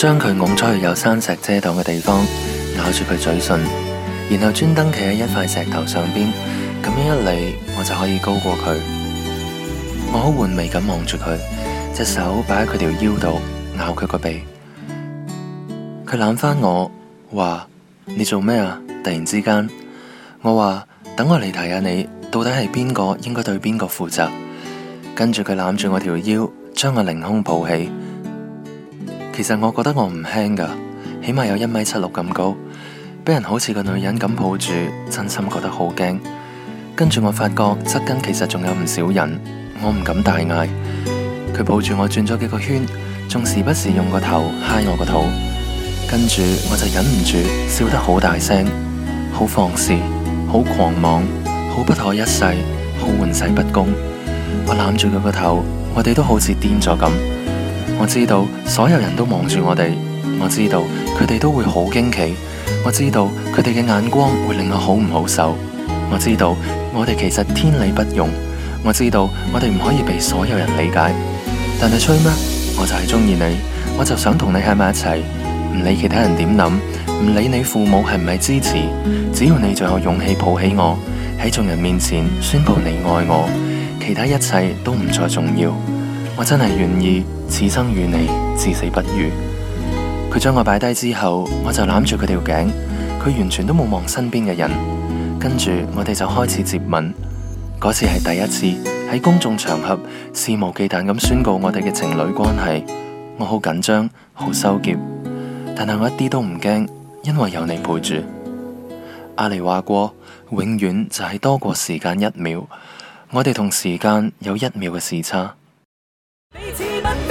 將佢拱出去有山石遮擋嘅地方，咬住佢嘴唇，然後專登企喺一塊石頭上邊，咁樣一嚟，我就可以高過佢。我好玩味咁望住佢，隻手擺喺佢條腰度，咬佢個鼻。佢攬返我，話：你做咩啊？突然之間，我話：等我嚟睇下你，到底係邊個應該對邊個負責。跟住佢攬住我條腰，將我凌空抱起。其實我覺得我唔輕㗎，起碼有一米七六咁高，俾人好似個女人咁抱住，真心覺得好驚。跟住我發覺側邊其實仲有唔少人，我唔敢大嗌。佢抱住我轉咗幾個圈，仲時不時用個頭揩我個肚。跟住我就忍唔住笑得好大聲，好放肆，好狂妄，好不可一世，好玩世不恭。我攬住佢個頭，我哋都好似癲咗咁。我知道所有人都望住我哋，我知道佢哋都會好驚奇，我知道佢哋嘅眼光會令我好唔好受，我知道我哋其實天理不容，我知道我哋唔可以被所有人理解，但係吹咩？我就係中意你，我就想同你喺埋一齊，唔理其他人點諗，唔理你父母係唔係支持，只要你仲有勇氣抱起我喺眾人面前宣布你愛我，其他一切都唔再重要。我真係願意此生與你至死不渝。佢將我擺低之後，我就攬住佢條頸，佢完全都冇望身邊嘅人。跟住我哋就開始接吻。嗰次係第一次喺公眾場合肆無忌憚咁宣告我哋嘅情侶關係。我好緊張，好羞澀，但係我一啲都唔驚，因為有你陪住。阿離話過，永遠就係多過時間一秒。我哋同時間有一秒嘅時差。